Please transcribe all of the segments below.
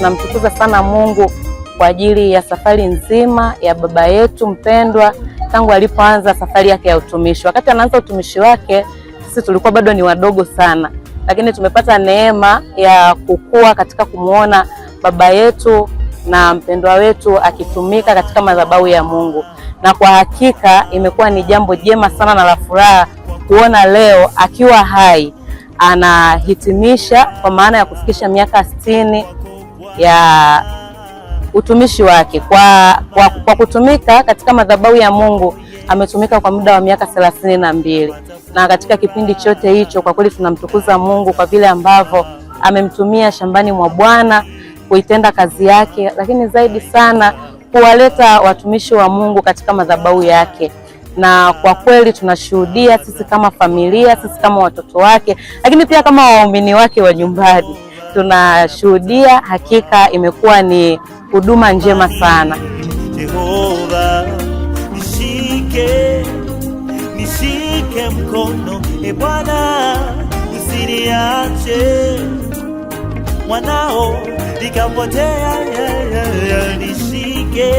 tunamtukuza sana Mungu kwa ajili ya safari nzima ya baba yetu mpendwa tangu alipoanza safari yake ya utumishi. Wakati anaanza utumishi wake sisi tulikuwa bado ni wadogo sana, lakini tumepata neema ya kukua katika kumwona baba yetu na mpendwa wetu akitumika katika madhabahu ya Mungu, na kwa hakika imekuwa ni jambo jema sana na la furaha kuona leo akiwa hai anahitimisha kwa maana ya kufikisha miaka sitini ya utumishi wake kwa, kwa, kwa kutumika katika madhabahu ya Mungu ametumika kwa muda wa miaka thelathini na mbili na katika kipindi chote hicho kwa kweli tunamtukuza Mungu kwa vile ambavyo amemtumia shambani mwa Bwana kuitenda kazi yake, lakini zaidi sana kuwaleta watumishi wa Mungu katika madhabahu yake. Na kwa kweli tunashuhudia sisi kama familia, sisi kama watoto wake, lakini pia kama waumini wake wa nyumbani tunashuhudia hakika imekuwa ni huduma njema sana. Jehova, nishike nishike mkono e Bwana, usiniache mwanao nikapotea, nishike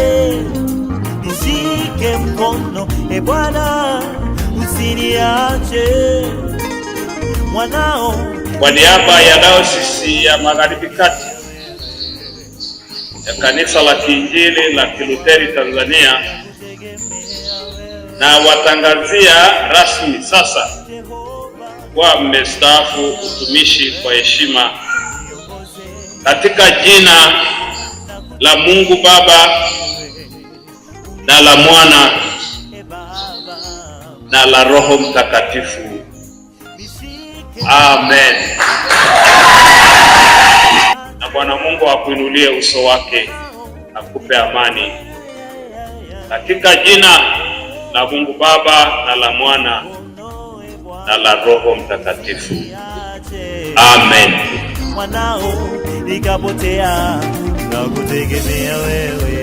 nishike mkono e Bwana, usiniache mwanao kwa niaba ya Dayosisi ya Magharibi Kati ya Kanisa la Kiinjili la Kilutheri Tanzania, na watangazia rasmi sasa kuwa mmestaafu utumishi kwa heshima katika jina la Mungu Baba na la Mwana na la Roho Mtakatifu. Amen. Na Bwana Mungu akuinulie uso wake, akupe amani katika jina la Mungu Baba na la Mwana na la Roho Mtakatifu. Amen. Mwanao nikapotea na kutegemea wewe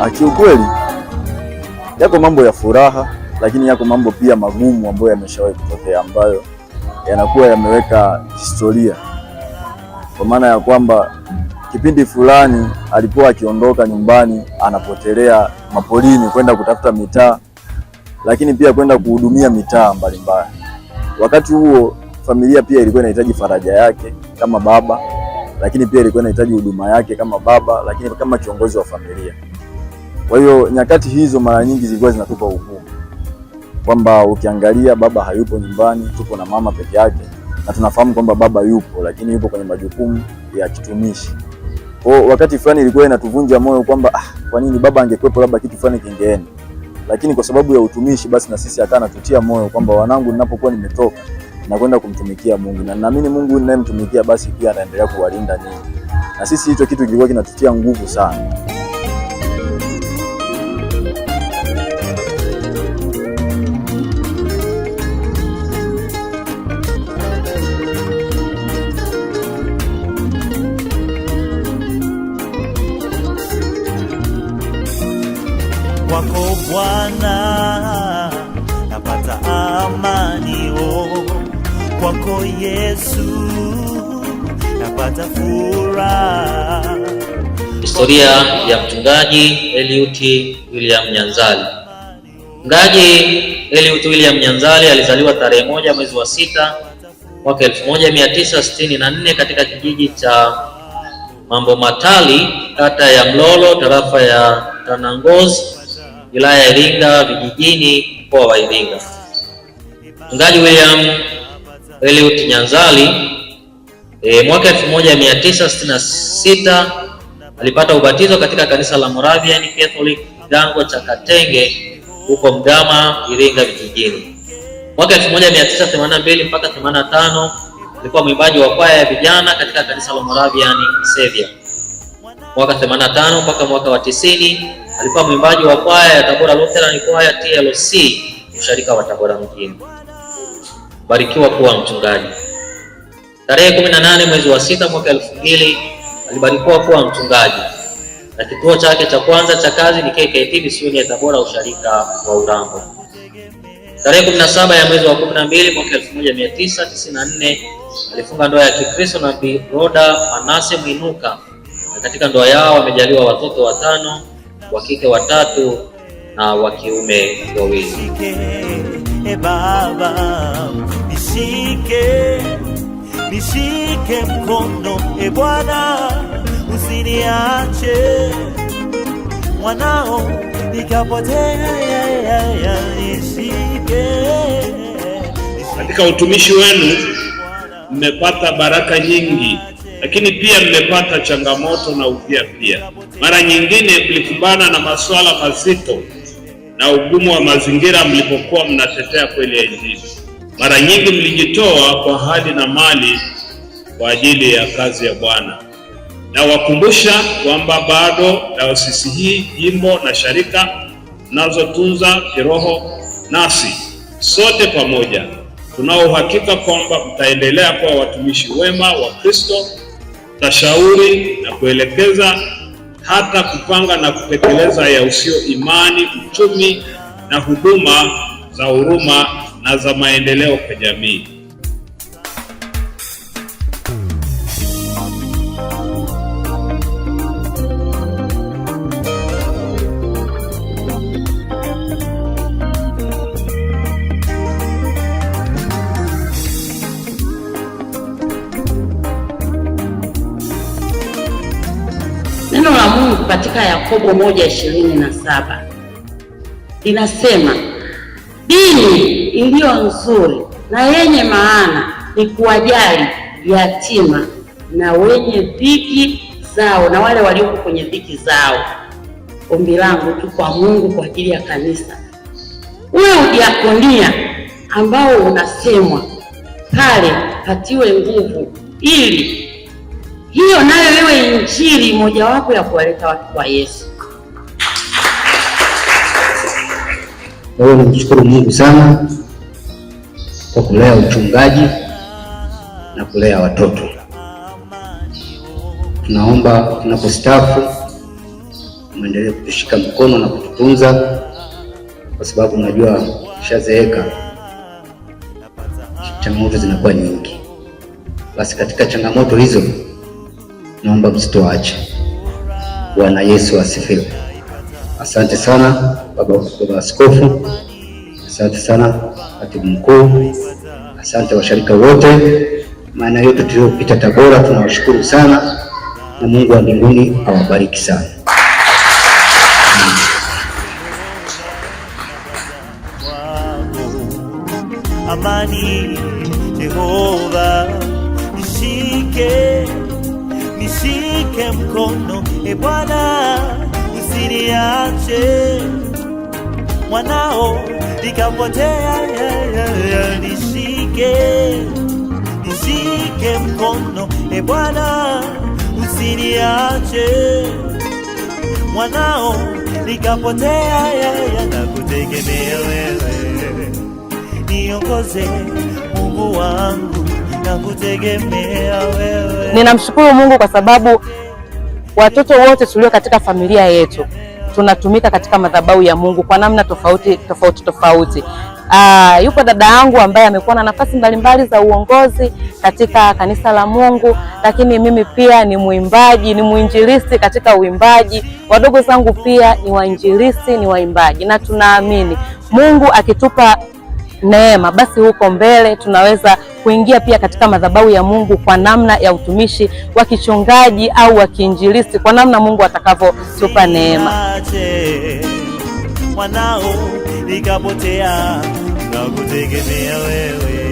Ah, kiukweli yako mambo ya furaha, lakini yako mambo pia magumu ambayo yameshawahi kutokea, ambayo yanakuwa yameweka historia, kwa maana ya kwamba kipindi fulani alikuwa akiondoka nyumbani anapotelea mapolini kwenda kutafuta mitaa, lakini pia kwenda kuhudumia mitaa mbalimbali. Wakati huo familia pia ilikuwa inahitaji faraja yake kama baba, lakini pia ilikuwa inahitaji huduma yake kama baba, lakini kama kiongozi wa familia. Kwa hiyo nyakati hizo mara nyingi zilikuwa zinatupa ugumu kwamba ukiangalia baba hayupo nyumbani, tupo na mama peke yake, na tunafahamu kwamba baba yupo, lakini yupo kwenye majukumu ya kitumishi. Kwa wakati fulani ilikuwa inatuvunja moyo kwamba ah, kwa nini baba angekuwepo, labda kitu fulani kingeenda, lakini kwa sababu ya utumishi, basi na sisi akawa natutia moyo kwamba wanangu, ninapokuwa nimetoka na kwenda kumtumikia Mungu, na naamini Mungu ninayemtumikia basi pia anaendelea kuwalinda ninyi, na sisi hicho kitu kilikuwa kinatutia nguvu sana. wako Bwana napata amani o, oh. kwako Yesu napata furaha. Historia ya mchungaji Eliut William Nyanzali. Mchungaji Eliut William Nyanzali alizaliwa tarehe moja mwezi wa sita mwaka 1964 katika kijiji cha Mambo Matali kata ya Mlolo tarafa ya Tanangozi wilaya ya Iringa vijijini, mkoa wa Iringa. Mchungaji William Eliot Nyanzali e, mwaka 1966 alipata ubatizo katika kanisa la Moravian Catholic kigango cha Katenge huko Mgama, Iringa vijijini. Mwaka 1982 mpaka 85 alikuwa mwimbaji wa kwaya ya vijana katika kanisa la Moravian Savior. Mwaka 85 mpaka mwaka wa alikuwa mwimbaji wa kwaya ya Tabora Lutheran kwaya TLC usharika wa Tabora mjini. Barikiwa kuwa mchungaji. Tarehe 18 mwezi wa sita mwaka 2000 alibarikiwa kuwa mchungaji, na kituo chake cha kwanza cha kazi ni KKT misioni ya Tabora usharika wa Urambo. Tarehe 17 ya mwezi wa 12 mwaka 1994 alifunga ndoa ya Kikristo na Bi Roda Manase Mwinuka, na katika ndoa yao wamejaliwa watoto watano wa kike watatu na wa kiume wawili. E Baba, nishike nishike mkono, e Bwana, usiniache mwanao nikapotea, nishike. Katika utumishi wenu mmepata baraka nyingi, lakini pia mmepata changamoto na upia pia mara nyingine mlikumbana na masuala mazito na ugumu wa mazingira mlipokuwa mnatetea kweli ya Injili. Mara nyingi mlijitoa kwa hali na mali kwa ajili ya kazi ya Bwana. Nawakumbusha kwamba bado dayosisi hii, jimbo na sharika mnazotunza kiroho, nasi sote pamoja tunao uhakika kwamba mtaendelea kuwa watumishi wema wa Kristo, tashauri na kuelekeza hata kupanga na kutekeleza ya usio imani, uchumi na huduma za huruma na za maendeleo kwa jamii. katika Yakobo moja ishirini na saba inasema dini iliyo nzuri na yenye maana ni kuwajali yatima na wenye dhiki zao na wale walioko kwenye dhiki zao. Ombi langu tu kwa Mungu kwa ajili ya kanisa, uwe udiakonia ambao unasemwa pale patiwe nguvu ili hiyo nayo iwe injili mojawapo ya kuwaleta watu kwa Yesu. Kwa hiyo nimshukuru Mungu sana kwa kulea uchungaji na kulea watoto. Tunaomba tunapostaafu mwendelee kutushika mkono na kututunza, kwa sababu najua kishazeeka changamoto zinakuwa nyingi. Basi katika changamoto hizo naomba msitoache. Bwana Yesu asifiwe. Asante sana baba, baba askofu, asante sana katibu mkuu, asante washarika wote, maana yote tuliopita Tabora tunawashukuru sana, na Mungu wa mbinguni awabariki sana. Amani Jehova ishike E nishike mkono, e Bwana usiniache, mwanao nikapotea, nishike nishike mkono, e Bwana usiniache, mwanao nikapotea, nakutegemea wewe, niongoze Mungu wangu. Ninakutegemea wewe. Ninamshukuru Mungu kwa sababu Watoto wote tulio katika familia yetu tunatumika katika madhabahu ya Mungu kwa namna tofauti tofauti tofauti. Aa, ah, yupo dada yangu ambaye amekuwa na nafasi mbalimbali za uongozi katika kanisa la Mungu, lakini mimi pia ni mwimbaji, ni mwinjilisti katika uimbaji. Wadogo zangu pia ni wainjilisti, ni waimbaji, na tunaamini Mungu akitupa neema, basi huko mbele tunaweza kuingia pia katika madhabahu ya Mungu kwa namna ya utumishi wa kichungaji au wa kiinjilisti, kwa namna Mungu atakavyotupa neema. Mwanao nikapotea na kutegemea wewe